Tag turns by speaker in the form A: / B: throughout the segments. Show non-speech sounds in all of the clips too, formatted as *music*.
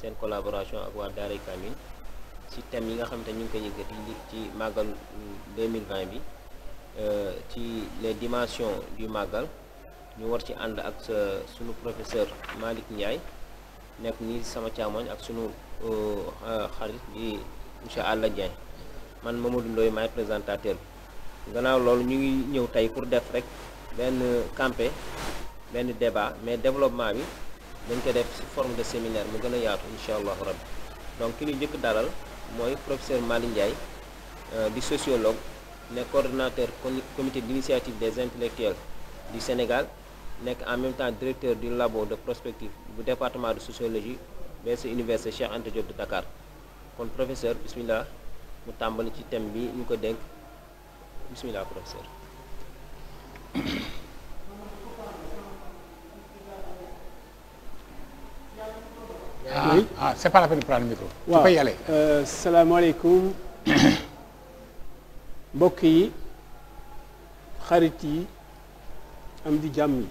A: seen collaboration ak waa Daaray Kamil ci thème yi nga xam te ñu ngi ko koy yëkkati ngir ci màggal 2020 bi euh, ci les dimensions du màggal ñu war ci ànd ak sunu professeur malik Ndiaye nekk ni sama càmmoñ ak sunu euh, xarit di monsieur Alla Diagne man Mamadou Ndoye maay présentateur bi gannaaw loolu ñu ngi ñëw tey pour def rek benn campé benn débat mais développement bi dañ ko def si forme de séminaire mu gën a yaatu incha allahu rabbi donc ki ñu jëkk daral mooy professeur Mali Ndiaye euh, di sociologue nekk coordonnateur comité d'initiative des intellectuels du Sénégal nekk en même temps directeur du labo de prospective bu département de sociologie BSC université Cheikh Anta Diop de Dakar kon professeur bismillah mu tàmbali ci thème bi ñu ko dénk bismillah professeur *coughs* ah
B: oui ah c'est
C: euh, *coughs* mbokk yi xarit yi am di jàmm yi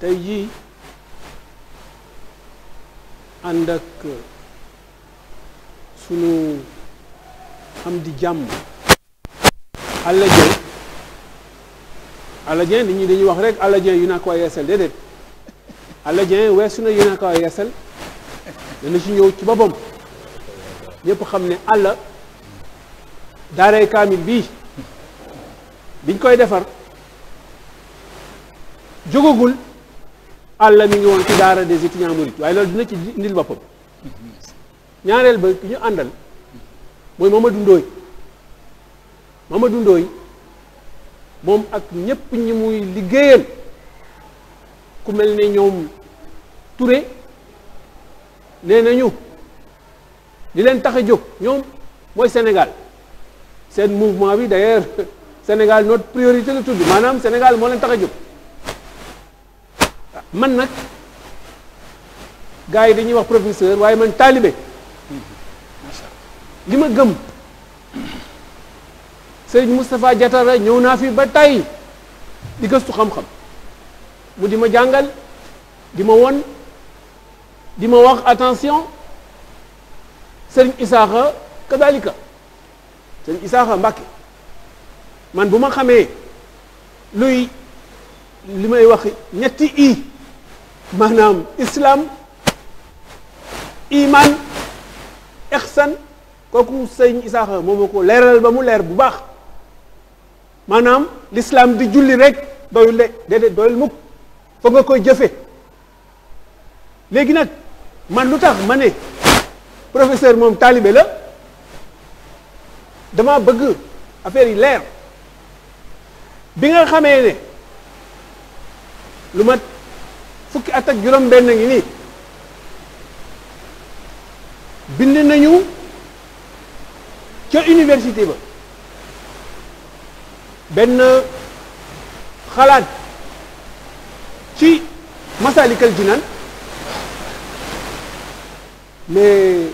C: tey jii ànd ak sunu am di jàmm. Alla Dieng Alla Dieng nit ñi dañuy wax rek Alla Dieng yu naa ko yeesal déedéet. Alla Dieng weesu na yéen a ko yeesal dana ci ñëw ci boppam ñépp xam ne Alla daaray kaamil bii biñ koy defar jógagul Alla mi ngi woon ci daara des étudiants mourides waaye loolu dina ci indil boppam ñaareel ba ki ñu àndal mooy Mamadou Ndoye Mamadou Ndoye moom ak ñëpp ñi muy liggéeyal. ku mel ne ñoom Touré nee nañu di leen tax a jóg ñoom mooy Sénégal seen mouvement bi d'ailleurs *laughs* Sénégal notre priorité la tudd maanaam Sénégal moo leen tax a jóg man nag gars yi dañuy wax professeur waaye man taalibe li ma gëm Serigne Moustapha jatara ñëw naa fi ba tey di gëstu xam-xam mu di ma jàngal di ma won di ma wax attention sëriñ isaaxa kadalika sëriñ isaaxa mbàkke man bu ma xamee luy li may wax ñetti i maanaam islam iman exsan kooku sëriñ isaaxa moo ma ko leeral ba mu leer bu baax maanaam lislaam di julli rek doyul de déedéet doyul mukk foog nga koy jëfe léegi nag man lu tax ma ne professeur moom taalibe la dama bëgg affaire yi leer bi nga xamee ne lu mat fukki at ak juróom-benn ngi nii bind nañu ca université ba benn xalaat ci Masalikal Jinaan mais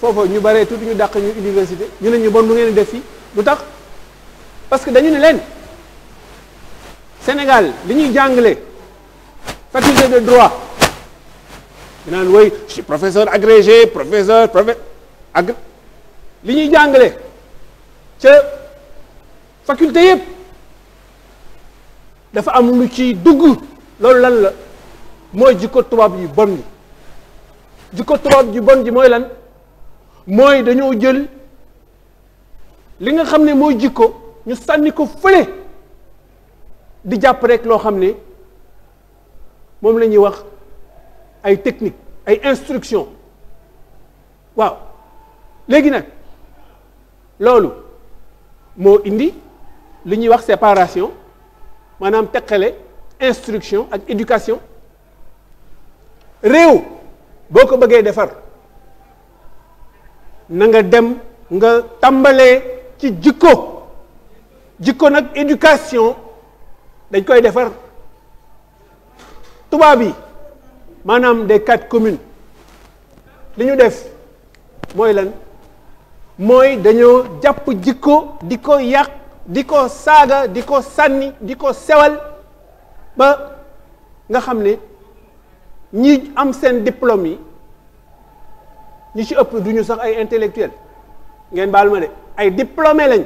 C: foofa ñu baree tuuti ñu dàq ñu université ñu ne ñu bon bu ngeen def fi lu tax parce que dañu ne leen Sénégal li ñuy jàngale faculté de droit ñu naan woy je suis professeur agrégé professeur profe agré li ñuy jàngale ca faculté yëpp dafa am lu ci dugg loolu lan la mooy jikko tubaab yi bon yi jikko tubaab yi bon ji mooy lan mooy dañoo jël li nga xam ne mooy jikko ñu sànni ko fële di jàpp rek loo xam ne moom la ñuy wax ay technique ay instruction waaw léegi nag loolu moo indi li ñuy wax séparation maanaam teqale instruction ak éducation réew boo ko bëggee defar na nga dem nga tàmbalee ci jikko jikko nag éducation dañ koy defar tubaab yi maanaam des quatre communes li ñu def mooy lan mooy dañoo jàpp jikko di ko yàq di ko saaga di ko sànni di ko sewal ba nga xam ne ñi am seen diplôme yi ñi ci ëpp duñu sax ay intellectuel ngeen baal ma de ay diplômé lañ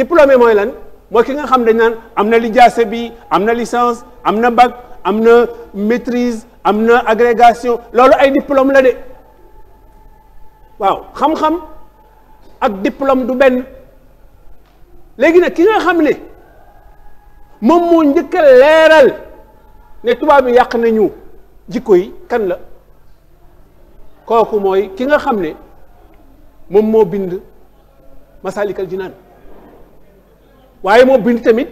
C: diplômé mooy lan mooy ki nga xam dañ naan am na lijaase bi am na licence am na bac am na maîtrise am na agrégation loolu ay diplôme la de waaw xam-xam ak diplôme du benn léegi nag ki nga xam ne moom moo njëkk leeral ne tubaab bi yàq nañu jikko yi kan la kooku mooy ki nga xam ne moom moo bind masalikal jinaan waaye moo bind tamit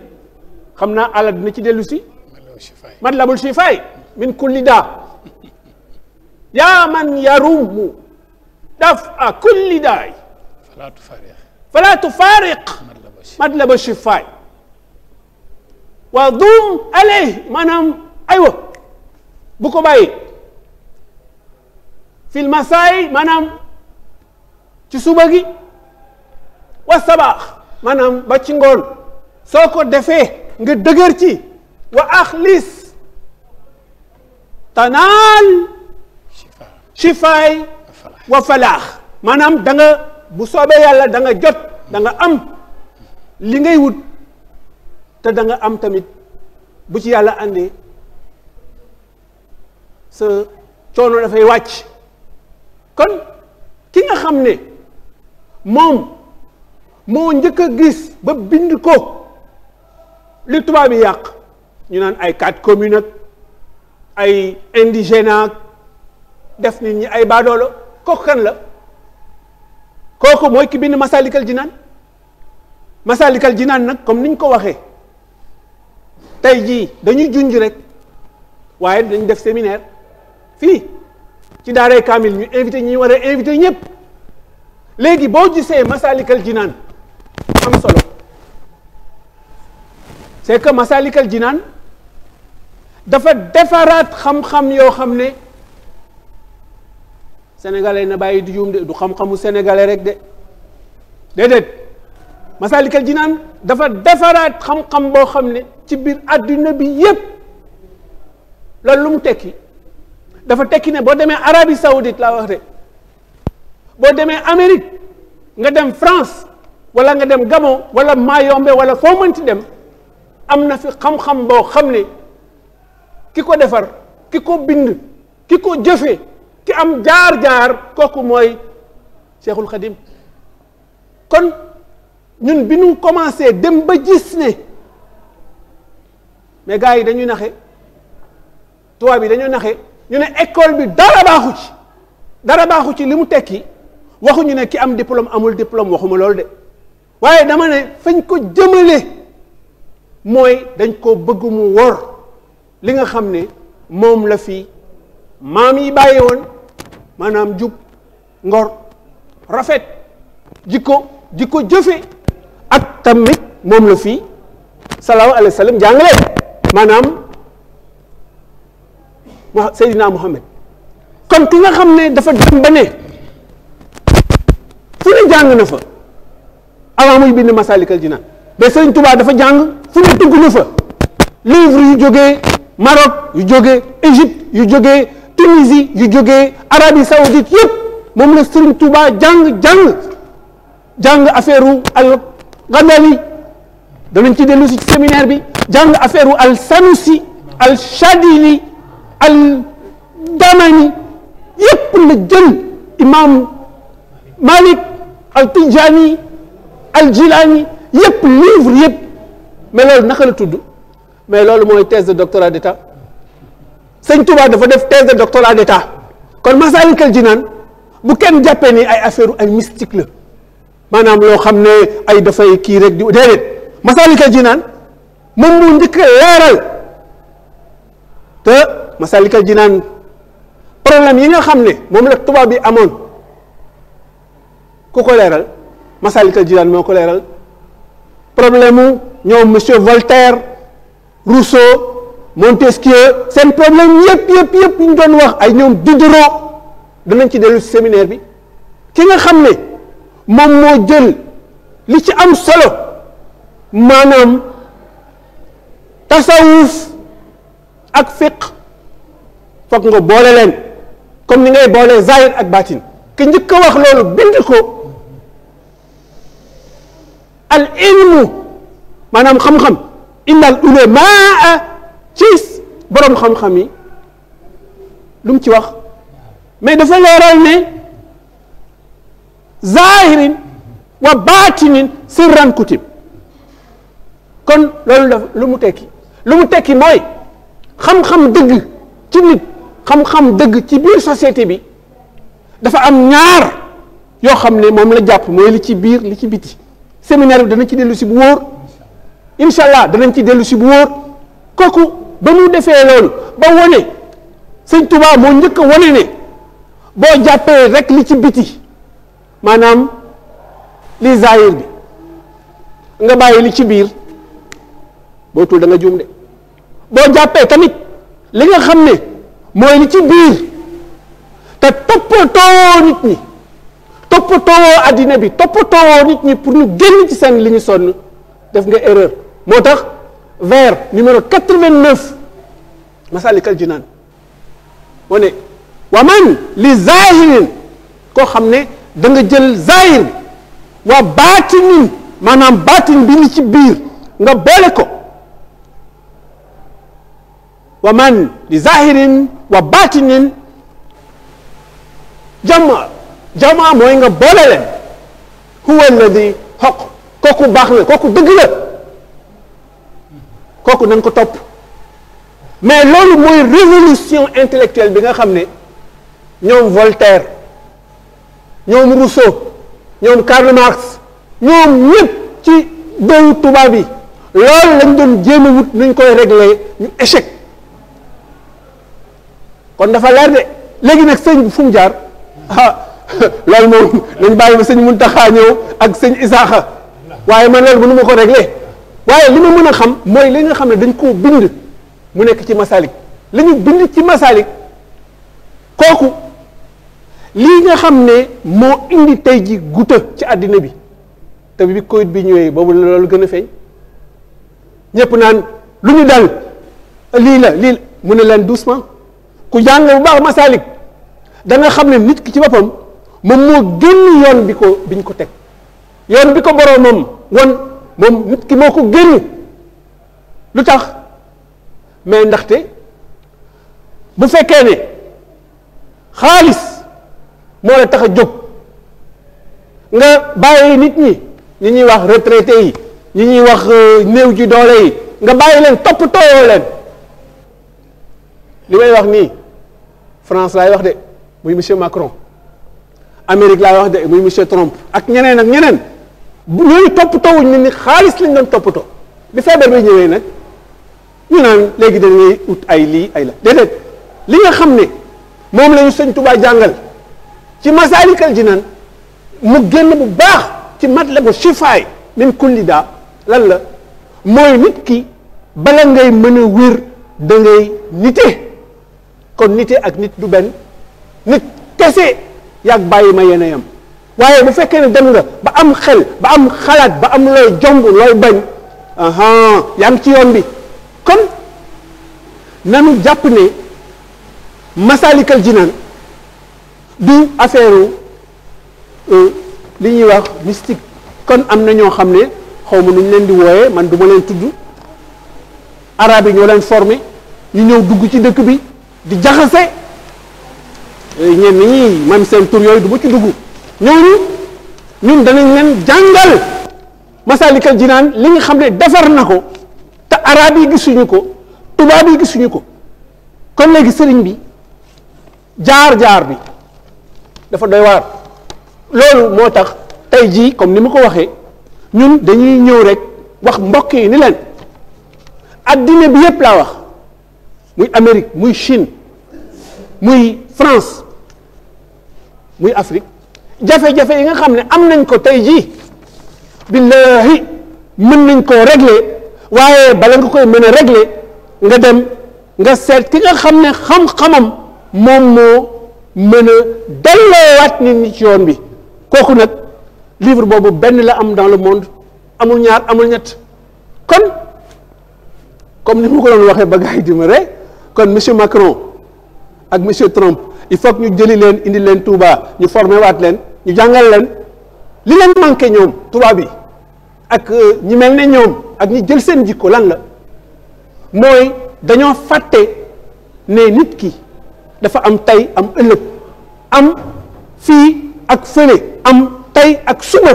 C: xam naa àlla dina ci dellusi matlabul shifaay min kulli daa yaa man daf a kulli daay
B: falaa tufaariq
C: falaa tufaariq matlaba waa dum alay maanaam aywa bu ko bàyyi fil masaay maanaam ci suba gi wa sabaax maanaam ba ci ngoon soo ko defee nga dëgër ci wa axlis tanaal shifaay wa falaax maanaam danga bu soobee yàlla danga jot danga am li ngay wut te danga am tamit bu ci yàlla àndee sa coono dafay wàcc kon ki nga xam ne moom moo njëkk a gis ba bind ko li tubaab yi yàq ñu naan ay quatre communes ak ay indigènes ak def nit ñi ay baadoolo kooku la kooku mooy ki bind masalikal jinaan ji naan nag comme niñ ko waxee tey jii dañuy junj rek waaye dañ def séminaire fii ci daaray kaamil ñu invité ñuy war a invité ñëpp léegi boo gisee Masalikal Jinaan am solo c'est que Masalikal Jinaan dafa defaraat xam-xam yoo xam ne sénégalais na bàyyi du juum de du xam-xamu sénégalais rek de déedéet Masalikal Jinaan dafa defaraat xam-xam boo xam ne ci biir adduna bi yépp la lu mu tekki dafa tekki ne boo demee Arabie Saoudite laa wax de boo demee Amérique nga dem France wala nga dem Gabon wala Mayombe wala foo mënti dem am na fi xam-xam boo xam ne ki ko defar ki ko bind ki ko jëfe ki am jaar-jaar kooku mooy Cheikhul Khadim kon ñun bi ñu commencé dem ba gis ne mais gars yi dañuy naxe tubaab bi dañuy naxe ñu ne école bi dara baaxu ci dara baaxu ci li mu tekki waxuñu ne ki am diplôme amul diplôme waxuma loolu de waaye dama ne fañ ko jëmale mooy dañ ko bëgg mu wor li nga xam ne moom la fi maam yi bàyyi woon maanaam jub ngor rafet jikko jikko jëfe ak tamit moom la fi sallallahu alayhi wa sallam jàngale maanaam Seydina Muhammad kon ki nga xam ne dafa dem ba ne fu ne jàng na fa avant muy bind Masalikal Jinaan mais Sëriñ Tuubaa dafa jàng fu ne tugg na fa livre yu jógee Maroc yu jógee Égypte yu jógee Tunisie yu jógee Arabie Saoudite yëpp moom la Sëriñ Tuubaa jàng jàng jàng affaire u al Ghazali danañ ci dellu si séminaire bi jàng affaire u al sanusi al shadili al damani yépp la jël imam malik al tijani al jilani yépp livre yépp mais loolu naka la tudd mais loolu mooy thèse de doctorat d'état sëñ Touba dafa def thèse de doctorat d'état kon Masaalikal Jinaan bu kenn jàppee ni ay affaire ay mystique la maanaam loo xam ne ay dafay kii rek di déedéet Masaalikal Jinaan moom moo njëkk leeral te Masalikul Jinaan problème yi nga xam ne moom la tubaab yi amoon ku ko leeral Masalikul Jinaan moo ko leeral problème mu ñoom monsieur Voltaire Rousseau Montesquieu seen problème yëpp yëpp yëpp ñu doon wax ay ñoom Diderot danañ ci dellu séminaire bi ki nga xam ne moom moo jël li ci am solo maanaam. tasawuf ak fiq foog nga boole leen comme ni ngay boole zahir ak batin ki njëkk wax loolu bind ko al ilmu maanaam xam-xam innal ulamaa ci boroom xam-xam yi lum mu ci wax mais dafa leeral ne zahirin wa batinin sirran kutib kon loolu daf lu mu tekki lu mu tekki mooy xam-xam dëgg ci nit xam-xam dëgg ci biir société bi dafa am ñaar yoo xam ne moom la jàpp mooy li ci biir li ci biti séminaire bi danañ ci dellu si bu wóor incha allah danañ ci dellu si bu wóor kooku ba mu defee loolu ba wone sëñ Tuubaa moo njëkk a wone ne boo jàppee rek li ci biti maanaam li zaahir bi nga bàyyi li ci biir bootul da nga juum boo jàppee tamit li nga xam ne mooy li ci biir te toppatoo nit ñi toppatoo addina bi toppatoo nit ñi pour ñu génn ci seen li ñu sonn def nga erreur moo tax vers numéro 89 masalikal jinaan moo ne waman li zahirin koo xam ne danga jël zahir bi waa baatinin maanaam baatin bi ni ci biir nga boole ko wa man li zahirin wa batinin jama jama mooy nga boole leen huwa alladi xoq kooku baax na kooku dëgg kooku na ko topp mais loolu mooy révolution intellectuelle bi nga xam ne ñoom Voltaire ñoom Rousseau ñoom Karl ñoom ñëpp ci doowu tubaab yi loolu lañ doon jéem a wut nuñ koy régler ñu échec kon dafa leer léegi nag sëñ bi fu jaar *laughs* ah *laughs* loolu moom nañ bàyyi ba sëñ Muntaxa ñëw ak sëñ Isaaxa waaye man loolu mënu ma ko réglé waaye li ma mën a xam mooy li nga xam ne dañ koo bind mu nekk ci masalik la ñu bind ci masalik kooku lii nga xam ne moo indi tey ji guta ci àddina bi te bi Covid bi ñëwee boobu la loolu gën a feeñ ñépp naan lu ñu dal lii la lii la ne leen doucement ku jàng bu baax masaalik da nga xam ne nit ki ci boppam moom moo génn yoon bi ko biñ ko teg yoon bi ko boroomam won moom nit ki moo ko génn lu tax mais ndaxte bu fekkee ne xaalis moo la tax a jóg nga bàyyi nit ñi ñi ñuy wax retraité yi ñi ñuy wax euh, néew ji doole yi nga bàyyi leen toppatoo leen li may wax nii France laay wax de muy monsieur Macron Amérique laay wax de muy monsieur Trump ak ñeneen ak ñeneen ñooñu toppatoo wuñ ni xaalis lañ doon toppatoo bi feebar bi ñëwee nag ñu naan léegi dañuy ut ay lii ay la déedéet li nga xam ne moom la ñu sëñ jàngal ci Masaalikal Jinaan mu génn bu baax ci matlabu shifaay min kulli daa lan la mooy nit ki bala ngay mën a dangay da nite kon nite ak nit du benn nit kese yàgg bàyyi ma yéen a yam waaye bu fekkee ne dem nga ba am xel ba am xalaat ba am looy jomb looy bañ aha yaa ngi ci yoon bi kon nanu jàpp ne masalikal jinaan du affaire euh, li ñuy wax mystique kon am na ñoo xam ne xaw ma nu ñu leen di wooyee man du ma leen tudd arabe yi ñoo leen formé ñu ñëw dugg ci dëkk bi di jaxase ñenn ñi man seen tur yooyu du ma ci dugg ñooñu ñun danañ leen jàngal Masaalikal naan li nga xam ne defar na ko te arab yi gisuñu ko tubaab yi gisuñu ko kon léegi sëriñ bi jaar-jaar bi dafa doy waar loolu moo tax tey jii comme ni ma ko waxe ñun dañuy ñëw rek wax mbokk yi ni leen addina bi yépp laa wax muy Amérique muy Chine muy France muy Afrique jafe-jafe yi nga xam ne am nañ ko tey jii billahi mën nañ koo régler waaye bala nga koy mën a régler nga dem nga seet ki nga xam ne xam-xamam moom moo mën a delloowaat nit ci yoon bi kooku nag livre boobu benn la am dans le monde amul ñaar amul ñett kon comme ni mu ko doon waxee ba gars yi rek kon monsieur Macron ak monsieur Trump il faut ñu jëli leen indi leen Touba ñu formé waat leen ñu jàngal leen li leen manqué ñoom tubaab bi ak euh, ñi mel ne ñoom ak ñi jël seen jikko lan la mooy dañoo fàtte ne nit ki dafa am tey am ëllëg am fii ak fële am tey ak suba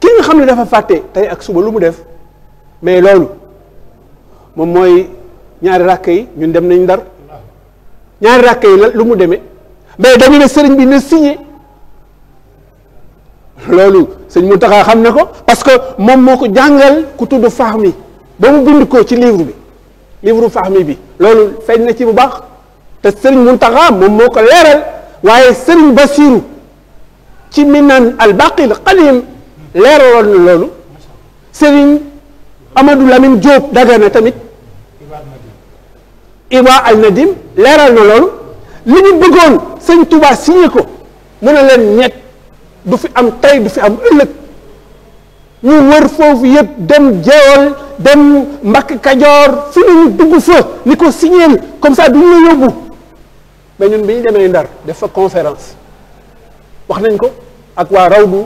C: ki nga xam ne dafa fàtte tey ak suba lu mu def mais loolu moom mooy ñaari ràkk yi ñun dem nañ ndar ñaari ràkk yi la lu mu demee mais dañu ne sëriñ bi na signé loolu sëñ Mountakha xam ne ko parce que moom moo ko jàngal ku tudd Fahmi ba mu bind ko ci livre bi livre Fahmi bi loolu feeñ na ci bu baax te sëriñ Mountakha moom moo ko leeral waaye sëriñ Basiru ci minan al baqil qadim leeraloon na loolu sëriñ Amadou Lamine Diop Dagana tamit Iwa al Nadim leeral na loolu li ñu bëggoon sëñ Touba signé ko mu ne leen ñett du fi am tey du fi am ëllëg ñu wër foofu yëpp dem jeewal dem Mbakk Kajoor fi ñu dugg fa ni ko signé comme ça du ñu la yóbbu mais bi ñu demee Ndar def fa conférence wax nañ ko ak waa Rawdu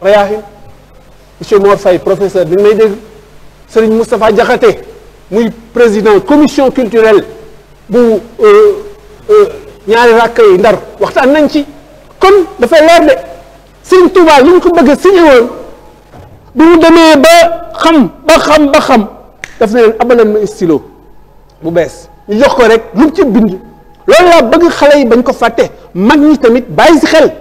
C: Rayaahin monsieur Mor Faye professeur bi may dégg Serigne Moustapha muy président commission culturelle bu euh, euh, ñaari rakk yi ndar waxtaan nañ ci kon dafay leer de Sëriñ Tuubaa li ñu ko bëgg a signé woon demee ba xam ba xam ba xam daf ne leen abaleen bu bees ñu jox ko rek lu mu ci bind loolu laa bëgg xale yi bañ ko fàtte mag ñi tamit bàyyi si xel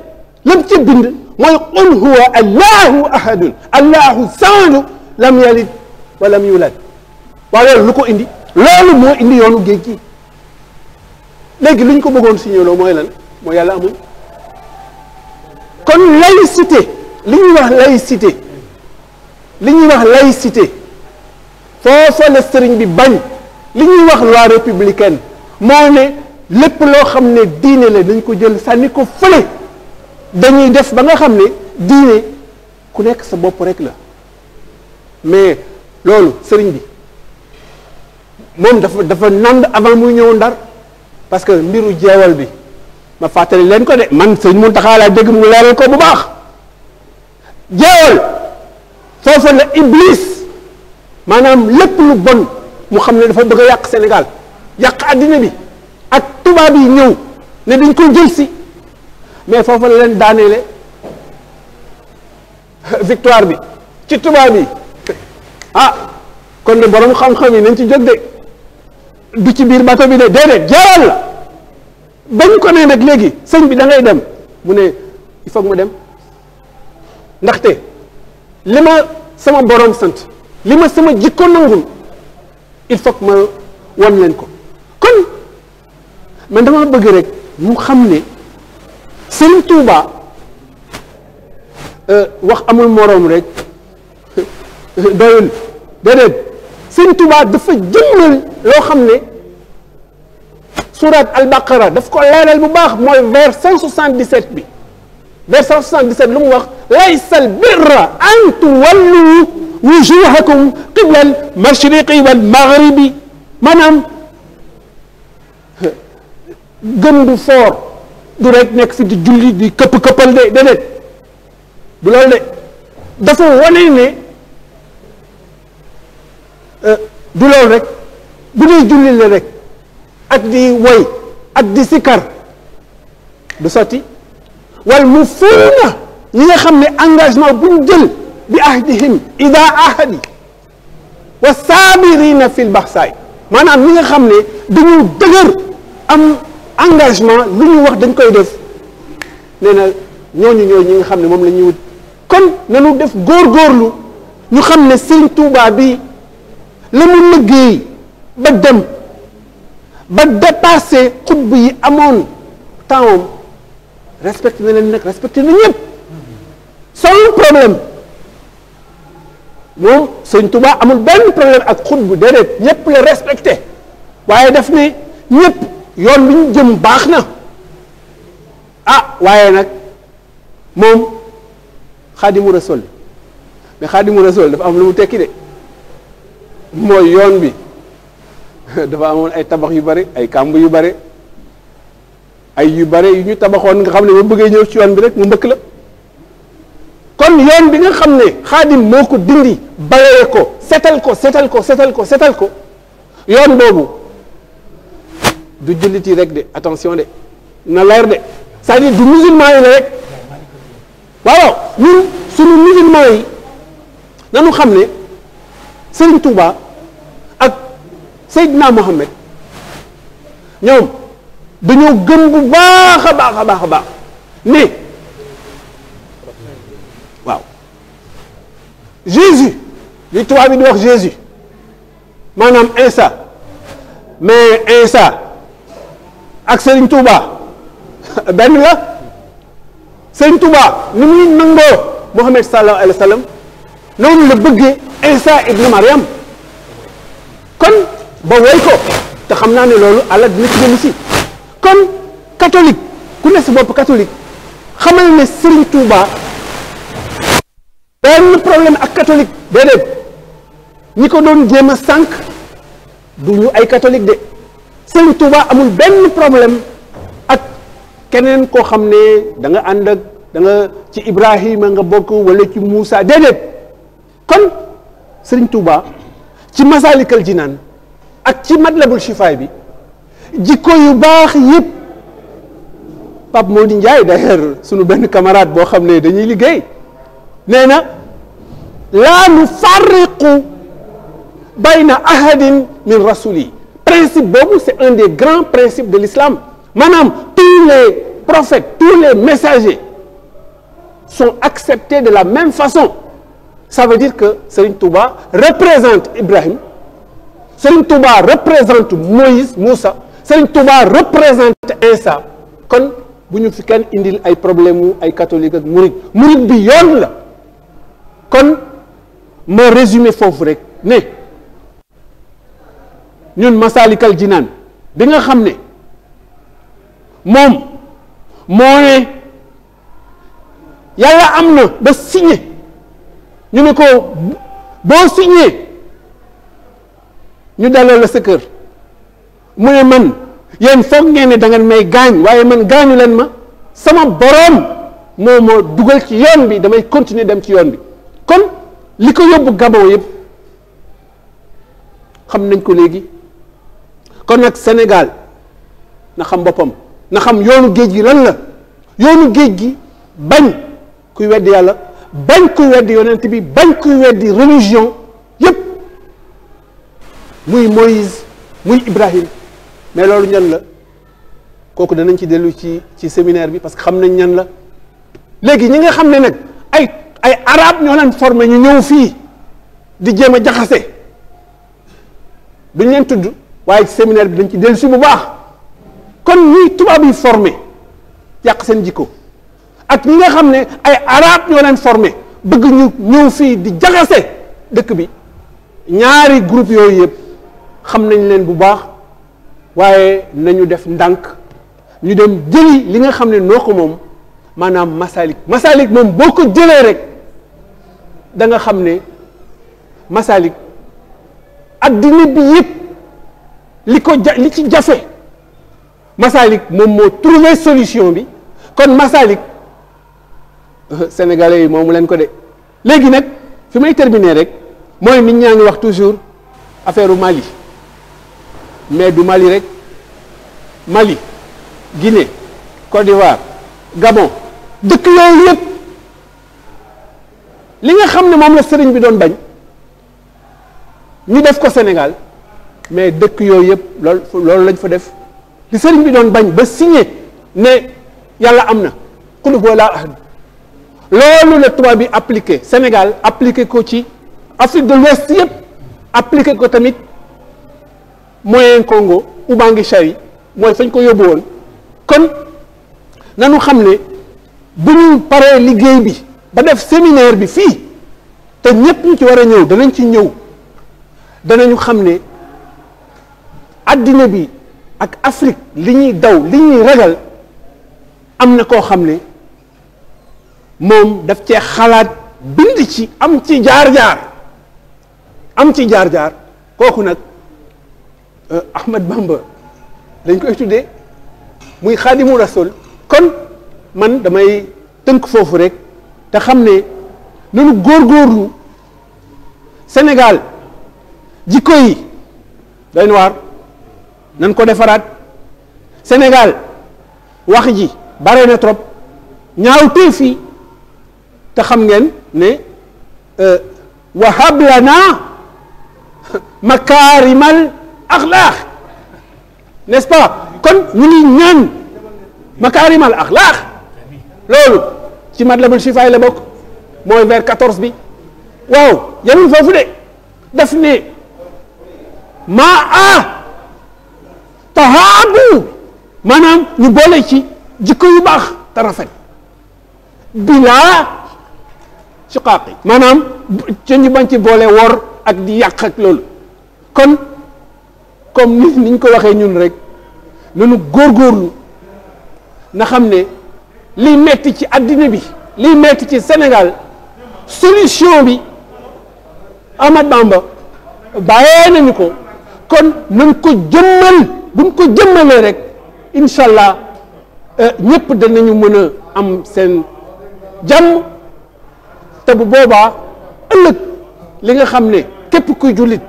C: lam ci bind mooy qul huwa allahu ahadun allahu samadu lam yalid wa yulad waaye loolu lu ko indi loolu moo indi yoonu géej gi léegi lu ñu ko bëggoon signaloo mooy lan mooy yàlla amul kon laïcité li ñuy wax laïcité li ñuy wax laïcité foofa la sëriñ bi bañ li ñuy wax loi républicaine moo ne lépp loo xam ne diine la dañ ko jël sànni ko fële dañuy def ba nga xam ne diine ku nekk sa bopp rek la mais loolu sëriñ bi moom dafa dafa nand avant muy ñëw ndar parce que mbiru jeewal bi ma fàttali leen ko de man sëñ Muntaxa laa dégg mu leeral ko bu baax jeewal foofa la iblis maanaam lépp lu bon mu xam ne dafa bëgg a yàq Sénégal yàq àddina bi ak tubaab yi ñëw ne dañ ko jël si mais foofa la leen daaneele victoire bi ci tubaab yi ah kon de borom xam-xam yi nañ ci jóg de du ci biir bato bi de déedéet jaaraan la bañ ko ne nag léegi sëñ bi dangay dem mu ne il faut mu dem ndaxte li ma sama borom sant li ma sama jikko nangul il faut ma wan leen ko kon man dama bëgg rek mu xam ne sëñ Tuuba euh, wax amul moroom rek *laughs* doyul déedéet sëñ Tuubaa dafa loo xam ne surat al-Baqara daf ko leeral bu baax mooy vers 177 bi vers 177 lu mu wax laysal birra an tuwallu wujuhakum qibla al-mashriqi wal-maghribi maanaam gëm du foor du rek nekk fi di julli di de déedéet du loolu ne Euh, du loolu rek bu dee julli la rek ak di woy ak di sikar du sotti wal mu fuuna ñi nga xam ne engagement buñ jël bi ahdihim ida ahadi wa saabirina fil baxsaay maanaam ñi nga xam ne dañu dëgër am engagement lu ñu wax dañ koy def nee na ñooñu ñooñu ñi nga xam ne moom la ñuy wut kon nanu def góorgóorlu ñu xam ne sëñ Tuubaa bi la mu liggéey ba dem ba dépassé xutb yi amoon temps respecté na leen nag respecté na ñëpp sans problème moom sëñ Tuubaa amul benn problème ak xutb déedéet ñëpp la respecté waaye daf ne ñëpp yoon bi ñu jëm baax na ah waaye nag moom xaadimu rasul mais xaadimu rasul dafa am lu mu tekki de mooy yoon bi dafa amoon ay tabax yu bari ay kàmb yu bari ay yu bare yu ñu tabaxoon nga xam ne ba bëggee ñëw ci yoon bi rek mu mbëkk la kon yoon bi nga xam ne xaadim moo ko dindi balee ko setal ko setal ko setal ko setal ko yoon boobu du jullit yi rek de attention de na leer de c'est-à-dire du musulman yi la rek waaw ñun suñu musulman yi nanu xam ne Sëriñ Touba ak Seydina Mohamed ñoom dañoo gëm bu baax a baax a baax a baax ne waaw Jésus li tubaab bi di wax Jésus maanaam Insa mais Insa ak Sëriñ Touba benn la Sëriñ Touba ni muy nangoo Mohamed sallallahu alayhi wa noonu la bëggee Isa ibnu Mariam kon ba woy ko te xam naa ne loolu àlla dina ci jëli si kon catholique ku ne si bopp catholique xamal ne Serigne Touba benn problème ak catholique déedéet ñi ko doon jéem sànq du ay catholique de Serigne Touba amul benn problème ak keneen koo xam ne danga nga ànd ak da nga ci Ibrahima nga bokk wala ci Moussa déedéet. kon sëriñ Touba ci Masaalikal Jinaan ak ci Matlabul Chifaay bi jikko yu baax yëpp Pape Modou Ndiaye d'ailleurs sunu benn camarade boo xam ne dañuy liggéey nee na laa nu farriqu bayna ahadin min rasuli principe boobu c'est un des grands principes de l'islam maanaam tous les prophètes tous les messagers sont acceptés de la même façon ça veut dire que Serigne Touba représente Ibrahim Serigne Touba représente Moïse Moussa Serigne Touba représente Insa kon bu ñu fi kenn indil ay problème wu ay catholique ak murid murid bi yoon la kon moo résumé foofu rek ne ñun Masalikal Jinaan bi nga xam ne moom moo ne am na ba signé ñu ne ko boo signé ñu delloo la sa kër mu ne man yéen foog ngeen ne da ngeen may gaañ waaye man gaañu leen ma sama boroom moo moo dugal ci yoon bi damay continuer dem ci yoon bi kon li ko yóbbu Gabon yëpp xam nañ ko léegi kon nag Sénégal na xam boppam na xam yoonu géej gi lan la yoonu géej gi bañ kuy wedd yàlla bañ ku weddi yonent bi bañ ku weddi religion yépp muy Moïse muy Ibrahim mais loolu ñan la kooku danañ ci dellu ci ci séminaire bi parce que xam nañ ñan la léegi ñi nga xam ne nag ay ay arab ñoo leen formé ñu ñëw fii di jéem a jaxase duñ leen tudd waaye ci séminaire bi dañ ci dellu si bu baax kon ñuy tubaab yi formé yàq seen jikko ak ñi nga xam ne ay arab ñoo leen formé bëgg ñu ñëw fii di jaxase dëkk bi ñaari group yooyu yëpp xam nañ leen bu baax waaye nañu def ndànk ñu dem jëli li nga xam ne noo ko moom maanaam masalik masalik moom boo ko jëlee rek danga xam ne masalik addina bi yëpp li ko ja li ci jafe masalik moom moo trouvé solution bi kon masalik *laughs* sénégalais yi moomu leen ko de léegi nag fi may terminer rek mooy nit ñaa ngi wax toujours affaire u Mali mais du Mali rek Mali Guinée Côte d'Ivoire Gabon dëkk yooyu yëpp li nga xam ne moom la sëriñ bi doon bañ ñu def ko Sénégal mais dëkk yooyu yëpp lool loolu lañ fa def li sëriñ bi doon bañ ba signé ne yàlla am na xulub wala loolu la tubaab bi appliqué Sénégal appliquer ko ci Afrique de l'Ouest yëpp appliqué ko tamit moyen Congo ngi chari mooy fañ ko yóbbu woon kon nanu xam ne bu ñu paree liggéey bi ba def séminaire bi fii te ñépp ñu ci war a ñëw danañ ci ñëw danañu xam ne addina bi ak Afrique li ñuy daw li ñuy ragal am na koo xam ne moom daf cee xalaat bind ci am ci jaar-jaar am ci jaar-jaar kooku nag euh, Ahmad Bamba dañ koy tuddee muy xaadimu sol kon man damay tënk foofu rek te xam ne góor góorgóorlu Sénégal jikko yi doy na nan ko defaraat Sénégal wax ji bare na trop ñaaw tey fii te xam ngeen ne euh, wahab lana makaarimal axlaax n'est-ce pas kon ñu ngi ñaan makaarimal axlaax loolu ci matlabul shifaay la bokk mooy vers quatorze bi waaw yemul foofu de daf ne maa tahaabu maanaam ñu boole ci jikko yu baax te rafet shiqaaq yi maanaam ca ñu bañ ci boole wor ak di yàq ak loolu kon comme ni niñ ko waxee ñun rek góor góorgóorlu na xam ne liy metti ci àddina bi liy metti ci Sénégal solution bi Ahmad Bamba bàyyee nañu ko kon nañ ko jëmmal buñ ko jëmmalee rek incha allah eh, ñëpp nañu mën a am seen jàmm te bu boobaa ëllëg li nga xam ne képp ku jullit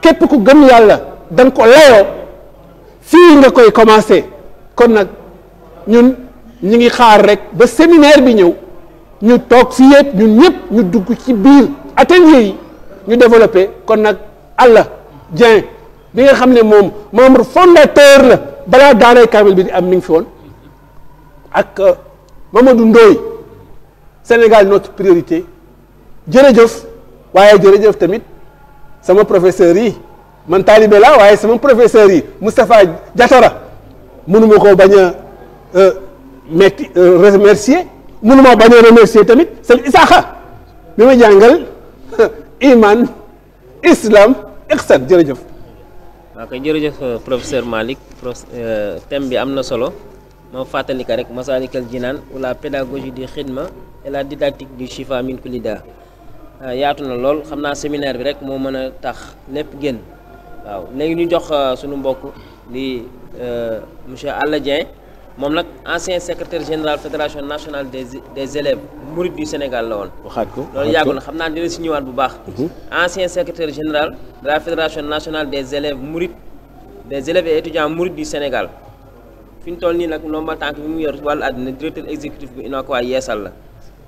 C: képp ku gëm yàlla da ko layoo fii nga koy commencé kon nag ñun ñu ngi xaar rek ba séminaire bi ñëw ñu toog fi yëpp ñëpp ñu dugg ci biir atelier yi ñu développé kon nag Alla Dieng bi nga xam ne moom membre fondateur la balaa daaray kaamil bi di am mi foon ak woon ak euh, Mamadou Ndoye Sénégal notre priorité jërëjëf waaye jërëjëf tamit sama professeur yi man taalibe la waaye sama professeur yi Moustapha Diattara mënuma koo bañ a euh, metti euh, remercier mënuma bañ a tamit sëñ Isaaxa bi ma jàngal *laughs* iman islam ihsan jërëjëf
A: waaw kay jërëjëf euh, professeur Malick thème bi am na solo moo fàttali ka rek Masalikal Jinaan ou la pédagogie du xidma et la didactique du chifa min kulida Euh, yaatu na lool xam naa seminaire bi rek moo mën a tax lépp génn waaw ngi ñu jox euh, suñu mbokk di euh, monsieur Alla Dieng moom nag ancien secrétaire général fédération national des des élèves murid du Sénégal la woon. waxaat ko loolu yàgg na xam naa dina si ñëwaat bu baax. Mhm. ancien secrétaire général de la fédération nationale des élèves murid des élèves et étudiants murid du Sénégal fi ñu toll nii nag ndombal tànk bi mu yor wàllu àddina directeur exécutif bu UNACOIS Yeesal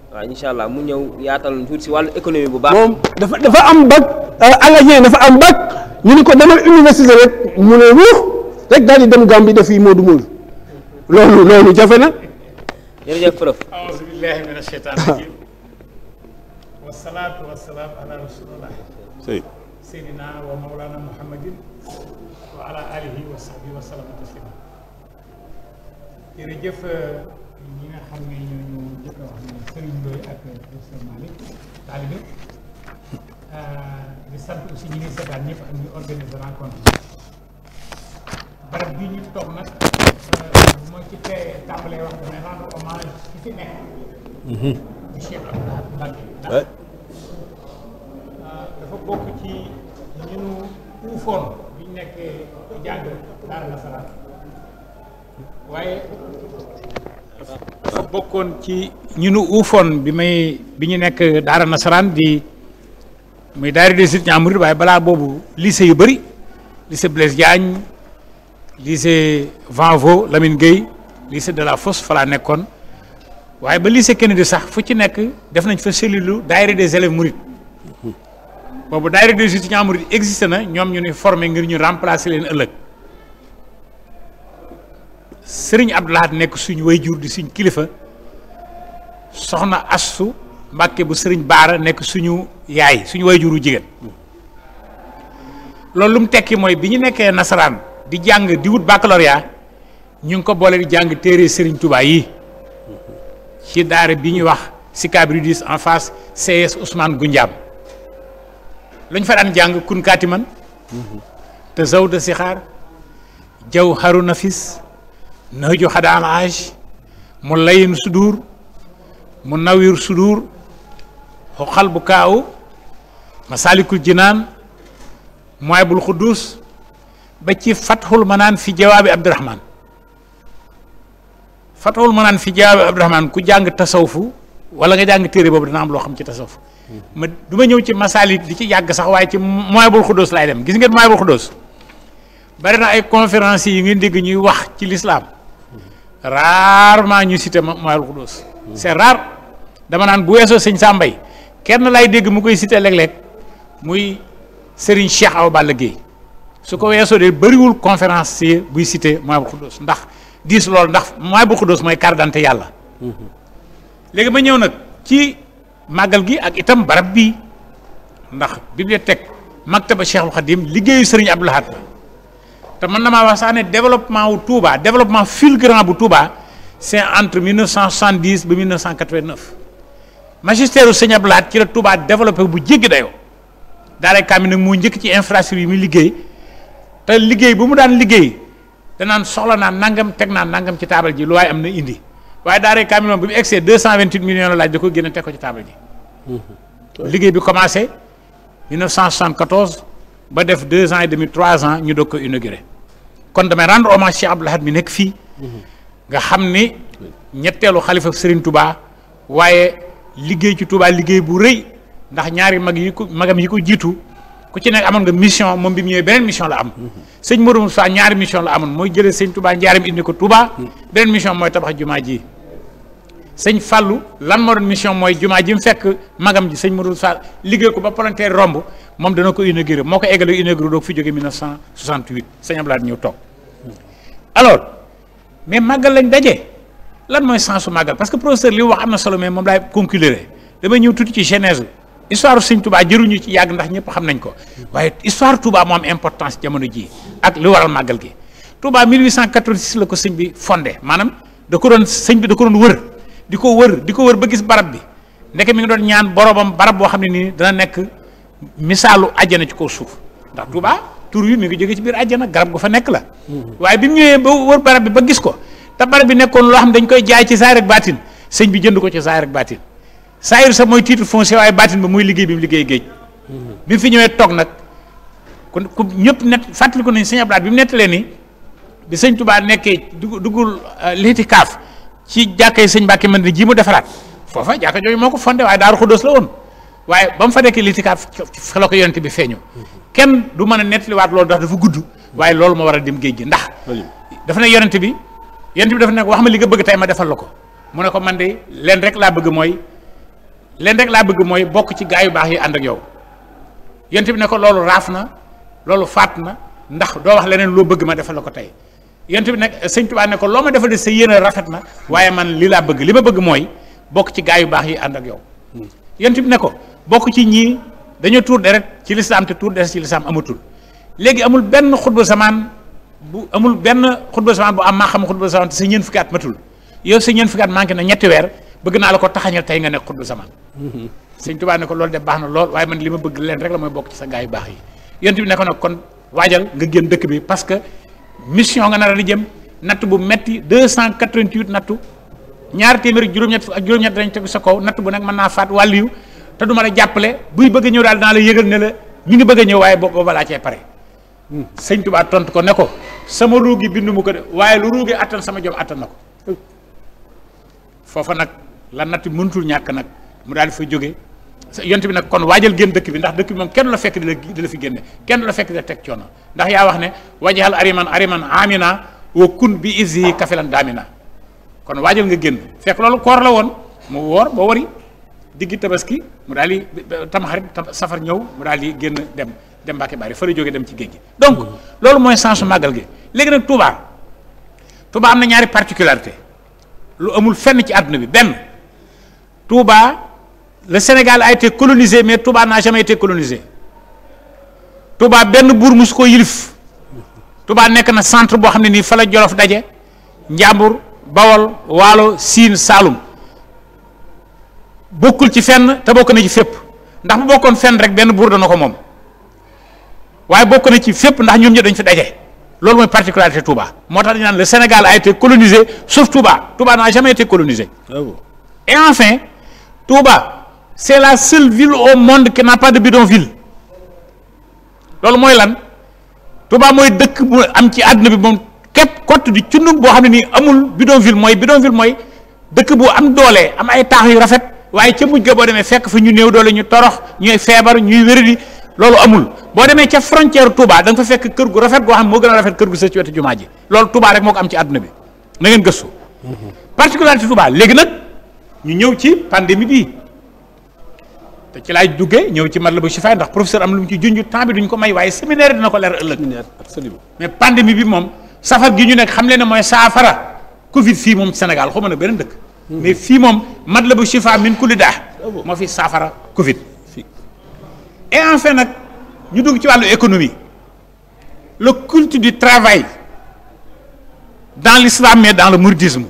A: waaw incha allah mu ñëw yaatal tuuti si wàllu économie bu baax. moom
C: dafa dafa am bac euh, algérien dafa am bac ñu ni ko demal université rek mu ne ruux rek daal di dem Gambie def yi Modou Modou loolu loolu jafe na.
A: jërëjëf prof. aouzu billahi mina shaytaan wa
B: salaatu wa salaam wa Mawlana wa ala wa sahbihi ñi nga xam ne ñoo jëkk a wax ne Serigne Ndoye ak professeur Malick taalibe di sant aussi ñi ñu organiser rencontre barab bi ñu toog nag mooy ci tey tàmbalee wax damay rendre hommage ci fi nekk di Cheikh Abdoulaye Mbacké ndax dafa bokk ci ñu nu uufoon bi ñu nekkee jàng daara nasaraan waaye dafa bokkoon ci ñu nu uufoon bi may bi ñu nekk daara nasaraan di muy daari de sit ñaa waaye balaa boobu lycée yu bëri lycée Blaise Diagne lycée Vanvo Lamine Gueye lycée de la Fosse falaa nekkoon waaye ba lycée Kennedy sax fu ci nekk def nañ fa cellule daayira des élèves murid mhm. boobu daayira des étudiants murid existé na ñoom ñu ni formé ngir ñu remplacer leen ëllëg sëriñ Abdou Lahad nekk suñu wayjur di suñ kilifa soxna Assu Mbàkke bu sëriñ Baara nekk suñu yaay suñu wayjuru jigéen loolu lu mu tekki mooy bi ñu nekkee nasaraan di jàng di wut baccalauréat ñu ngi ko boole di jàng téere sëriñ Touba yi ci daara bi ñuy wax Sicabridis en face CS Ousmane Goundiam lañ fa daan jàng kun man mhm. te zawda sixaar jaw haru nahju hada amaaj mu layin sudur mu nawir sudur xal bu kaaw masalikul jinaan mooy bul xuddus ba ci fathul manaan fi jawaabi abdurahman fathul manaan fi jawaabi abdurahman ku jàng tasawfu wala nga jàng téere boobu dana xam loo xam ci tasawuf ma du ma ñëw ci masalik di ci yàgg sax waaye ci mooy bul xuddus laay dem gis ngeen mooy bul xuddus bari na ay conference yi ngeen dégg ñuy wax ci lislaam rarement ñu cité Maoul Khoudous c'est rare dama naan bu weesoo sëñ mbay kenn lay dégg mu koy cité léeg-léeg muy Serigne Cheikh Awa Balla Guèye su ko weesoo de bëriwul conférencier buy cité Maoul Khoudous ndax diis loolu ndax Maoul Khoudous mooy carte d'identité yàlla léegi ma ñëw nag ci màggal gi ak itam barab bi ndax bibliothèque maktaba Cheikhul Khadim liggéeyu Serigne Abdoul Ahad te mën na maa wax sax ne développement wu Touba développement fulgurant bu Touba c'est entre 1970 ba 1989 magistère u Sëñ Abdou Lahad ci la Touba développé bu jéggi dayoo daaray kaamil nag moo njëkk ci infrastructure yi muy liggéey te liggéey bu mu daan liggéey danaan soxla naa nangam teg naa nangam ci taabal ji lu waaye am na indi waaye daaray kaamil moom bi mu egsee 228 millions la laaj da ko génne teg ko ci taabal ji mm-hmm. liggéey bi commencé 1974 ba def deux ans et demi trois ñu doog ko inauguré kon damay rendre hommage Cheikh Abdou bi nekk fii nga xam ni ñetteelu xalifa Serigne tubaa waaye liggéey ci Touba liggéey bu rëy ndax ñaari mag yi ko magam yi ko jiitu ku ci nekk amoon nga mission moom bi mu ñëwee beneen mission la am sëñ Modou Moussa ñaari mission la amoon mooy jëlee sëñ Touba njaarim indi ko Touba beneen mission mooy tabax jumaa ji sëñ Fallou lan moo doon mission mooy jumaa ji mu fekk magam ji sëñ Modou Moussa liggéey ko ba palanteer romb moom dana ko inauguré moo ko eggalee inauguré doog alors mais màggal lañ daje lan mooy sens su màggal parce que professeur li wax am na solo mais moom laay conclure damay ñëw tuuti ci genèse histoire sëñ Touba jëruñu ci yàgg ndax ñëpp xam nañ ko waaye histoire Touba moo am importance jamono jii ak lu waral màggal gi Touba 1886 la ko sëñ bi fonde maanaam da ko doon sëñ bi da ko doon wër di ko wër di ko wër ba gis barab bi ndeke mi ngi doon ñaan boromam barab boo xam ne nii dana nekk misaalu àjjana ci kaw suuf ndax tur wi mi ngi jógee ci biir àjjana garab gu fa nekk la mm-hmm. waaye bi mu ñëwee ba wër barab bi ba gis ko te barab bi nekkoon loo xam dañ koy jaay ci saayir ak baatin sëñ bi jënd ko ci saayir ak baatin saayir sa mooy titre foncier waaye baatin ba muy liggéey bi mu liggéey géej mm-hmm. bi fi ñëwee toog nag kon ku ñëpp net fàttali ko nañ sëñ Abdou bi mu nettalee nii bi sëñ Touba nekkee dugg duggul euh, liiti kaaf ci sañ sëñ Mbàkke mën ji mu defaraat foofa jàkka jooju moo ko fondé waaye Daaru Xuddoos la woon waaye ba mu fa nekkee litikaaf fa la ko yonent bi feeñu kenn du mën a nettaliwaat loolu ndax dafa gudd waaye loolu ma war a dem géej gi ndax dafa ne yonent bi yonent bi dafa ne wax ma li nga bëgg tey ma defal la ko mu ne ko man de leen rek laa bëgg mooy leen rek laa bëgg mooy bokk ci gaa yu baax yi ànd ak yow yonent bi ne ko loolu raaf na loolu faat na ndax doo wax leneen loo bëgg ma defal la ko tey yonent bi nag sëñ Tuubaa ne ko loo ma defal de sa yéene rafet na waaye man li laa bëgg li ma bëgg mooy bokk ci gaa yu baax yi ànd ak yow hmm. yonent bi ne ko bokk ci ñii dañoo tuur deret ci lislaam te tuur deret ci lislaam amatul léegi amul benn xutba samaan bu amul benn xutba samaan bu am maa xam xutba samaan te sa ñeen fukki at matul yow sa ñeen fukki at manqué na ñetti bëgg naa la ko taxañal tey nga nekk xutba samaan mm-hmm. sëñ ko loolu de baax na lool waaye man li ma bëgg leen rek la mooy bokk ci sa gaa yu baax yi yonent bi ne nag kon waajal nga génn dëkk bi parce que mission nga nar a di jëm natt bu metti 288 nattu ñaar téeméeri juróom-ñett ak juróom-ñett dañ tegu sa kaw natt bu nag mën naa faat wàlliyu te duma ma la jàppale buy bëgg ñëw daal dinaa la yëgal ne la mi ngi bëgg a ñëw waaye boobu balaa cee pare hmm. sëñ Tuubaa tontu ko ne ko sama ruugi bindu mu ko de waaye lu ruugi attan sama jom attan na ko foofa nag la natti mëntul ñàkk nag mu daal di fa jóge yont bi nag kon waajal génn dëkk bi ndax dëkk bi moom kenn la fekk di la di la fi génne kenn la fekk di la teg coono ndax yaa wax ne wajal ariman ariman amina wa kun bi izzi kafilan damina kon waajal nga génn fekk loolu koor la woon mu woor ba wari diggi tabaski mu daal di tamxarit safar ñëw mu daal di génn dem dem Mbàkke Bari fa la jógee dem ci géej gi donc loolu mooy sensu màggal gi léegi nag Touba Touba am na ñaari particularité lu amul fenn ci àdduna bi benn Touba le Sénégal a été mais Touba n'a jamais été colonisé Touba benn buur musu ko yilif Touba nekk na centre boo xam ne nii fa la Jolof daje Njàmbur Bawol Waalo Siin Saalum bokkul ci fenn te bokk na ci fépp ndax bu bokkoon fenn rek benn buur dana ko moom waaye bokk na ci fépp ndax ñoom ñi dañ fi daje loolu mooy particularité Touba moo tax dañu naan le Sénégal a été colonisé sauf Touba Touba n'a jamais été colonisé. Ah et enfin Touba c'est la seule ville au monde qui n'a pas de bidonville loolu mooy lan Touba mooy dëkk bu am ci àdduna bi moom képp côté di cundum boo xam ne nii amul bidonville mooy bidonville mooy dëkk bu am doole am ay taax yu rafet. waaye ca mujj ga boo demee fekk fa ñu néew doole ñu torox ñuy feebar ñuy wéradi loolu amul boo demee ca frontière Touba da nga fa fekk kër gu rafet goo xam moo gën a rafet kër gu sës ci wetu jumaa ji loolu Touba rek moo ko am ci àdduna bi na ngeen gëstu mhm. particularité léegi nag ñu ñëw ci pandémie bi te ci laay duggee ñëw ci Matlabul Chifa ndax professeur am lu mu ci junj temps bi duñ ko may waaye séminaire dina ko leer ëllëg mais pandémie bi moom safar gi ñu nekk xam leen ne mooy saafara covid fii moom Sénégal xaw ma ne beneen dëkk mais fii moom mat la matlabu shifa min kulli daa moo fi saafara Covid. et enfin nag ñu dugg ci wàllu économie le culte du travail dans l'islam mais dans le mouridisme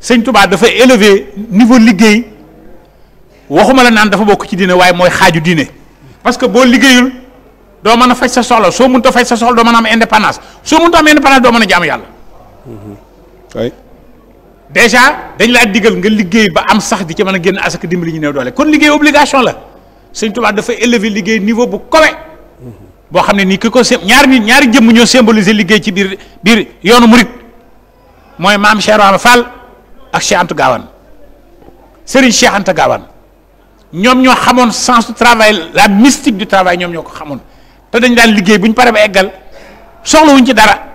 B: sëñ Touba dafa élevé niveau liggéey waxuma la naan dafa bokk ci diine waaye mooy xaaju diine parce que boo liggéeyul doo mën a faj sa soxla soo mënut a faj sa soxla doo mën a am indépendance soo mënut a am indépendance doo mën a jaamu yàlla. dèjà dañ laa digal nga liggéey ba am sax di ci mën a génn asaka dimbali ñu néew doole kon liggéey obligation la Sëñ Tuubaa dafa élever liggéey niveau bu kawe boo xam ne nii ki ko sem ñaar nit ñaari jëmm ñoo symboliser liggéey ci biir biir yoonu mu murit mooy maam Cheikh Rahma Fall ak Cheikh Anta Gawane Serigne Cheikh ñoom ñoo xamoon sens du travail la mystique du travail ñoom ñoo ko xamoon te dañ daan liggéey bu pare paree ba eggal soxlawuñ ci dara.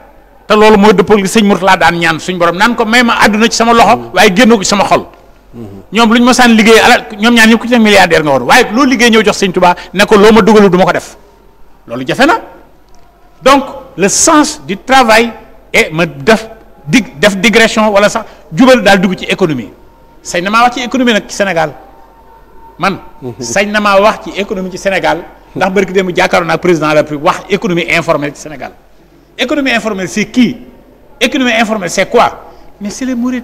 B: te loolu mooy dëppal gi sëñ Mourtala daan ñaan suñ borom naan ko may ma àdduna ci sama loxo waaye génn ko sama xol ñoom lu ñu ma saan liggéey alal ñoom ñaan ñëpp ku ci nekk milliardaire nga woon waaye loo liggéey ñëw jox sëñ Touba ne ko loo ma dugalu du ko def loolu jafe na donc le sens du travail et ma def dig def digression wala sax jubal daal dugg ci économie sañ na maa wax ci économie nag ci Sénégal man mhm. sañ na maa wax ci économie ci Sénégal ndax bërki démb jàkkaaroon naa président de la wax économie informelle ci Sénégal économie informelle c'est qui économie informelle c'est quoi mais c'est les mourides.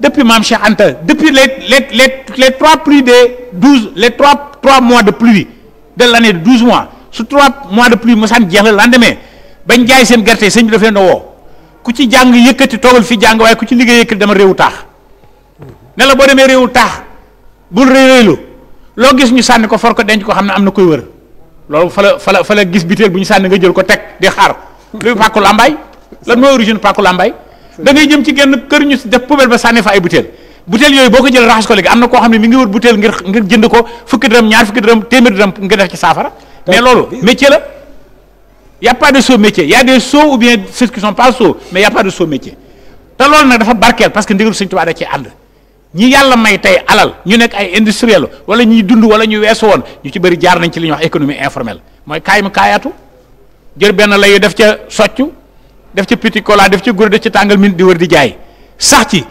B: depuis Maam Cheikh Anta depuis le les les les trois pluies des douze les trois trois mois de pluie de l'année de douze mois su trois mois de pluie mosaan jeex la lendemain bañ jaay seen gerte sëñ bi daf leen na woo ku ci jàng yëkkati toogal fi jàng waaye ku ci liggéey yëkkati dama réewu taax ne la boo demee réewu taax bul réy réylu loo gis ñu sànni ko for ko denc ko xam ne am na koy wër. loolu fa la fa la fa la gis butéel bu ñu sànni nga jël ko teg di xaar luy pàkku làmbaay lan mooy origine pàkku làmbaay da jëm ci genn kër ñu def poubelle ba sànni fa ay butéel butéel yooyu boo ko jël raxas ko léegi am na ko xam ne mi ngi wër butéel ngir ngir jënd ko fukki dërëm ñaar fukki dërëm téeméer dërëm nga def ci saafara mais loolu métier la y a pas de sot métier y a des sots ou bien ceux qui sont pas sots mais y a pas de sot métier te loolu nag dafa barkeel parce que ndigalu Sëñ Tuubaa da ci ànd ñi yàlla may tey alal ñu nekk ay industriel wala ñuy dund wala ñu weesu woon ñu ci bëri jaar nañ ci li ñu wax économie informelle mooy kaay mu kaayaatu jël benn layu def ca soccu def ca petit cola def ca guro ca tàngal min di wër di jaay sax ci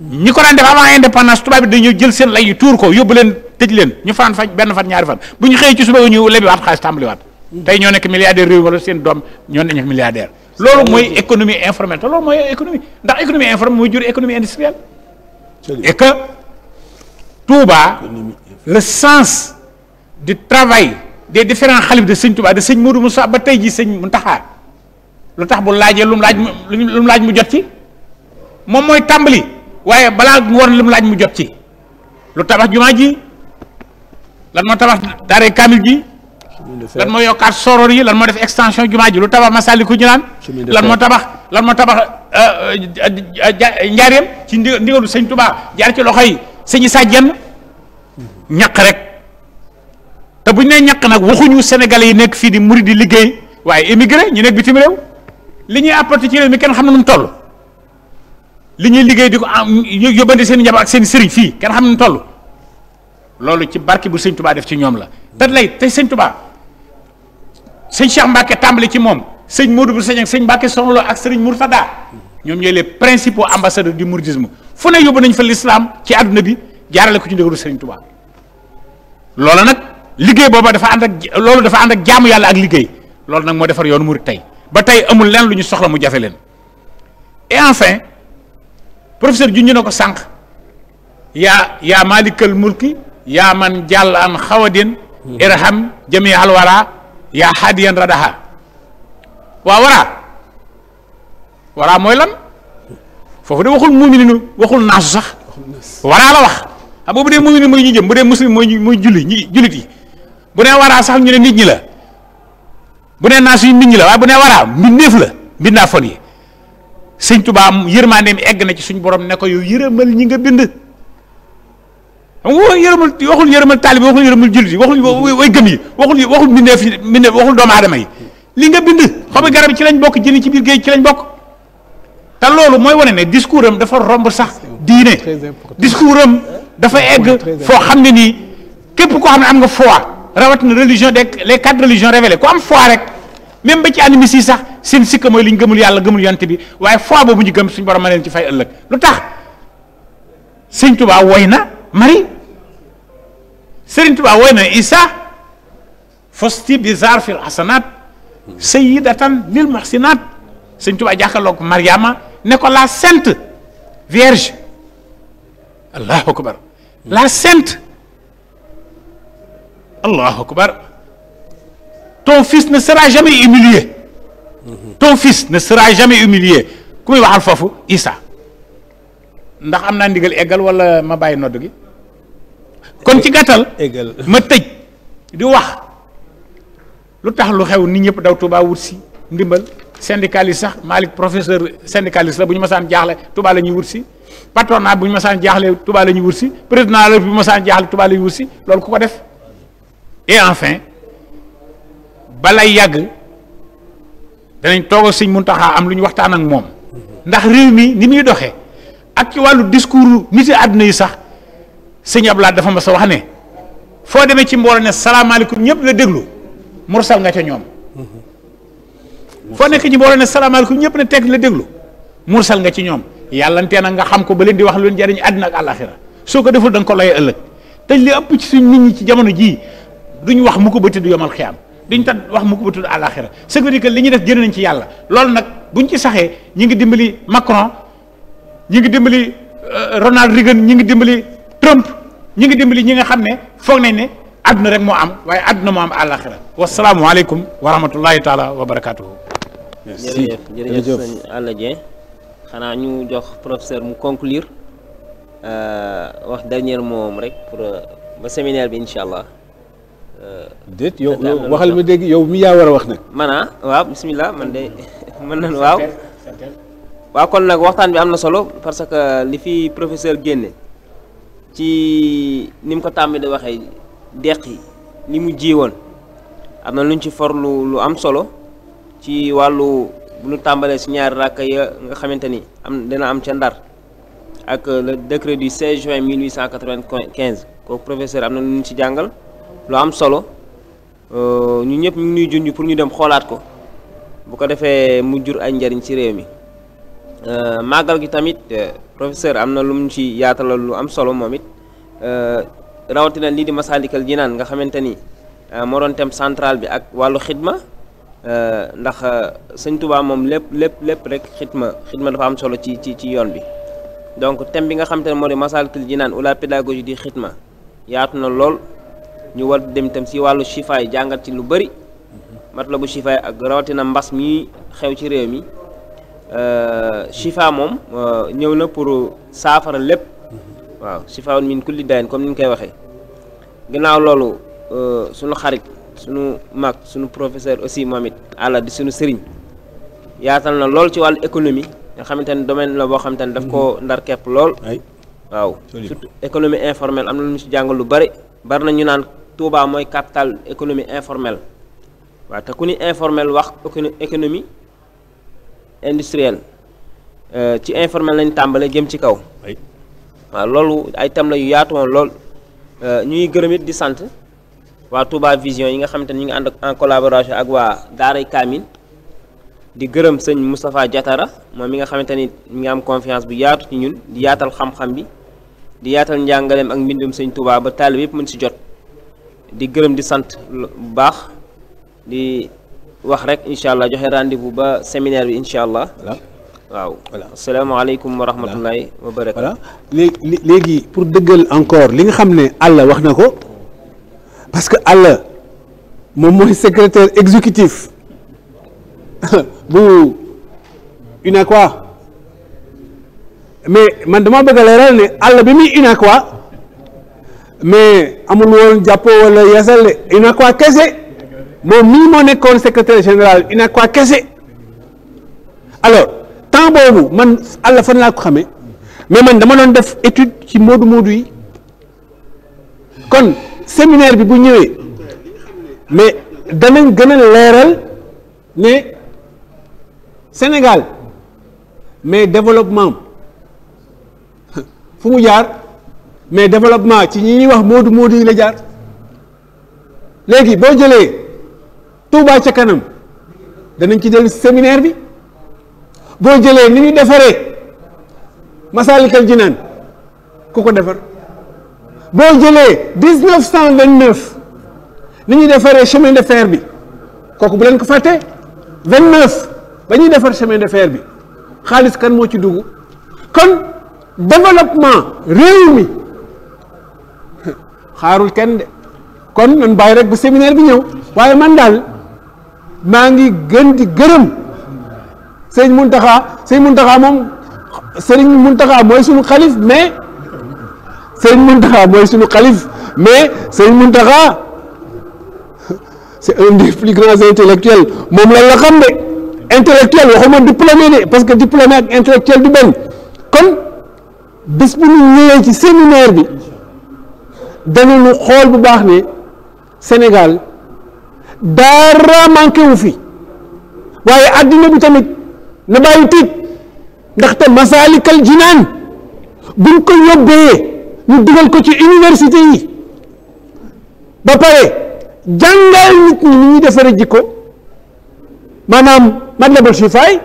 B: ñi ko daan def avant indépendance tubaab bi dañu jël seen lay yi tuur ko yóbbu leen tëj leen ñu fanaan fa benn fan ñaari fan bu ñu xëyee ci suba ñu lebiwaat xaalis tàmbaliwaat nekk milliardaire wala seen doom ñoo nekk milliardaire mooy économie informelle te loolu mooy économie ndax économie informelle mooy jur économie industrielle et que Touba le sens du travail des différents xalif de sëñ Touba de sëñ Modou Moussa ba tey ji sëñ Mountakha lu tax bu laajee lu mu laaj lu mu laaj mu jot ci moom mooy tàmbali waaye balaa ngoon lu mu laaj mu jot ci lu tabax jumaa ji lan moo tabax daaree kaamil ji lan moo yokkaat soror yi lan moo def extension jumaa ji lu tabax Masaalikul Jinaan
C: lan moo tabax
B: lan moo tabax euh, euh, njaareem ci ndi ndigalu sëñ Tuubaa jaar ci loxo yi sëñi sàjjenn ñaq rek te bu ñu nee ñaq nag waxuñu sénégalais yi nekk fii di murid di liggéey waaye émigré ñu nekk bitim réew li ñuy apporté ci réew mi kenn xam na nu toll li ñuy liggéey di ko yóbbante seen njaboot ak seen sëriñ fii kenn xam na toll loolu ci barke bu sëñ Tuubaa def ci ñoom la te lay te sëñ Tuubaa sëñ Cheikh Mbacke tàmbali ci moom sëñ Modou bu sëñ ak sëñ Mbacke soxna ak sëriñ Mourtada ñoom ñooy les principaux ambassadeurs du mouridisme fu ne yóbbu nañ fa l'islam ci àdduna bi jaarale ko ci ndigalu sëriñ Touba loolu nag liggéey booba dafa ànd ak loolu dafa ànd ak jaamu yàlla ak liggéey loolu nag moo defar yoon mu murid tey ba tey amul leen lu ñu soxla mu jafe leen et enfin professeur ñu ne ko sànq yaa yaa malikal mulki yaa man jàll an xawadin hmm. irham jami alwara yaa haadiyan radaha waa waraa waraa mooy lan foofu de waxul mumininu waxul naasu sax waraa la wax xam nga bu dee muminin mooy ñu jëm bu dee muslim mooy mooy julli ñi jullit yi bu nee waraa sax ñu ne nit ñi la bu nee naasu yi nit ñi la waaye bu nee waraa mbindeef la mbindaa fon yi sëñ Tuubaa yërmaandeem egg na ci suñ borom ne ko yow yërëmal ñi nga bind xam nga yërëmul waxul yërëmul taalibe waxul yërëmul jullit yi waxul way gëm yi waxul waxul mbindeef waxul doomu aadama yi li nga bind xobi garab yi ci lañ bokk jëni ci biir géej ci lañ bokk te loolu mooy wane ne discours am dafa romb sax diine discours am dafa egg foo xam ne nii képp koo xam ne am nga foi rawatina religion des le quatre religions révélées ku am foi rek même ba ci animistes yi sax seen sikka mooy liñ ñu gëmul yàlla gëmul yant bi waaye foi boobu ñu gëm suñ borom ma leen ci fay lu tax sëñ Tuubaa woy na Marie Sëriñ Tuubaa woy na Isa fosti bi zarfil hasanat sayyidatan lil muhsinat Sëriñ Tuubaa jàkkaarloog Mariama ne ko la sainte vierge allahu akbar la sainte allahu akbar ton fils ne sera jamais humilié ton fils ne sera jamais humilié ku muy waxal foofu Isa ndax am naa ndigal eggal wala ma bàyyi nodd gi kon ci gàttal ma tëj di wax lu tax lu xew nit ñëpp daw tubaa wut si ndimbal syndicaliste sax Malick professeur syndicaliste la bu ñu masaan jaaxle Touba la ñuy wut si patronat bu ñu masaan jaaxle Touba la ñuy si président la bu ñu masaan jaaxle Touba la ñuy loolu ku ko def et enfin balay yàgg danañ toog ak sëñ taxa am lu ñu waxtaan ak moom ndax réew mi ni muy doxee ak ci wàllu discours nit yi àdduna yi sax sëñ Ablaat dafa mas a wax ne foo demee ci mbooloo ne salaamaaleykum ñëpp nga déglu mursal nga ca ñoom. foo nekk ci mbooloo ne salaamaaleykum ñëpp ne teg la déglu mursal nga ci ñoom yàllantee na nga xam ko ba leen di wax lu leen jariñ àddina ak àllaaxira soo ko deful da nga ko lay ëllëg te li ëpp ci suñ nit ñi ci jamono jii duñu wax mu ko ba tudd yomal xiyaam duñ tat wax mu ko ba tudd àllaaxira ce qui li ñu def jënd nañ ci yàlla loolu nag buñ ci saxee ñu ngi dimbali Macron ñu ngi dimbali euh, Ronald Reagan ñi ngi dimbali. Trump ñu ngi dimbali ñi nga xam ne foog nañ ne àdduna rek moo am waaye àdduna moo am àllaaxira wasalaamualeykum wa rahmatullahi taala wa barakaatuhu.
A: merci jërëjëf jërëjëf sëñ Alla xanaa ñu jox professeur mu conclure euh, wax dernier moom rek pour euh, ba séminaire bi incha allah. Euh, déet yow waxal ma
C: dégg yow mi yaa war a wax nag.
A: maanaam ah, waaw bisimilah man de *laughs* mën nañu waaw. waaw kon nag waxtaan bi am na solo parce que li fi professeur génne. ci ni mu ko tàmmi di waxee deq yi li mu jiwoon am na luñ ci for lu lu am solo ci wàllu bu ñu tàmbalee si ñaari ràkk ya nga xamante ni am dina am ca ndar ak le décret di 16 juin 1895 kooku professeur am na lu ñu ci jàngal lu am solo euh, ñu ñëpp ñu ngi nuy junj pour ñu dem xoolaat ko bu ko defee mu jur ay njariñ ci réew mi. Euh, màggal gi tamit euh, professeur am na lu mu ci yaatalal lu am solo moom it euh, rawatina lii di Masaalikal naan nga xamante ni moo doon thème central bi ak wàllu xidma ndax sëñ Tuubaa moom lépp lépp lépp rek xidma xidma dafa am solo ci ci ci yoon bi donc thème bi nga xamante ne moo di Masaalikal Jinaan ou la pédagogie du xidma yaatu na lool ñu war dem tem si wàllu chifaay jàngat ci lu la bu chifaay ak rawatina mbas mi xew ci réew mi. chifa euh, moom euh, ñëw na pour saafara lépp waaw chifaun min kulli dayin comme ni ñu koy waxee gannaaw loolu euh, suñu xarit suñu mag suñu professeur aussi moom it àlla di suñu sëriñ yaatal na lool ci wàllu économie nga xamante ne domaine la boo xamante ne daf ko mhm. ndar kepp lool waaw économie informelle am na lu ñu si jàngal lu bari bari na ñu naan Touba mooy capital économie informelle waaw te ku ni informel wax économie industriel euh, ci informel lañ tàmbale jëm ci kaw waaw loolu ay tam la yu yaatuwoon lool euh, ñuy gërëm it di sant waa Touba Vision yi nga xamante ne ñu ngi ànd en collaboration ak waa Daaray Kaamil di gërëm sëñ Moustapha Diatara moom mi nga xamante ni mi ngi am confiance bu yaatu ci ñun di yaatal xam-xam bi di yaatal njàngaleem ak mbindum sëñ tubaa ba taalib yëpp mën si jot di gërëm di sant bu baax wax rek incha allah joxe rendez-vous ba séminaire bi incha allah. waaw voilà asalaamaaleykum wa rahmatulahi wa barakaatu.
C: léegi pour dëggal encore li nga xam ne Alla wax na ko parce que Alla moom mooy secrétaire exécutif *laughs* bu UNACOIS mais man dama bëgg a leeral ne bi muy UNACOIS mais amul woon jàppoo wala yeesal UNACOIS kese. moom mii moo nekkoon secrétaire général UNACOIS kese alors temps boobu man àlla fan laa ko xamee mais man dama doon def étude ci moodu moodu yi kon séminaire bi bu ñëwee mais danañ gën a leeral ne Sénégal mais développement *laughs* fu mu jaar mais développement ci ñi ñuy wax moodu moodu yi la jaar léegi boo jëlee Touba ca kanam danañ ci dellu séminaire bi boo jëlee ni ñu defaree Masalikal Jinaan ku ko defar boo jëlee dix-neuf cent vingt-neuf ni ñu defaree chemin de fer bi kooku bu leen ko fàtte vingt-neuf ba ñuy defar chemin de fer bi xaalis kan moo ci dugg kon développement réew mi *laughs* xaarul kenn de kon nan bàyyi rek bu séminaire bi ñëw waaye man daal maa ngi gën di gërëm sëñ Muntaxa sëñ Muntaxa moom sëriñ Muntaxa mooy sunu xalif mais sëñ Muntaxa mooy sunu xalif mais sëñ Muntaxa c'est un des plus grands intellectuels moom la la xam de intellectuel waxuma diplômé de parce que diplômé ak intellectuel du benn kon bis bu ñu ñëwee ci séminaire bi danañu xool bu baax ne Sénégal dara manqué wu fi waaye addina bi tamit na bàyyi tiit ndaxte masaalikal jinaan buñ ko yóbbee ñu dugal ko ci université yi ba pare jàngal nit ñi ni ñuy defaree jikko maanaam matlabul shifaay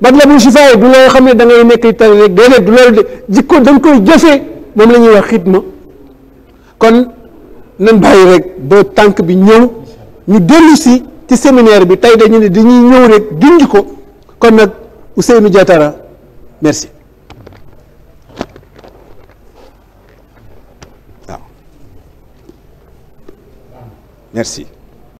C: matlabul shifaay du loo xam ne da ngay nekk tali rek déedéet du loolu de jikko dañ koy jëfee moom la ñuy wax xitma kon nan bàyyi rek ba tànk bi ñëw ñu dellusi ci séminaire bi tey dañu ne dañuy ñëw rek junj ko kon nag Ousseynou Diatara merci
B: merci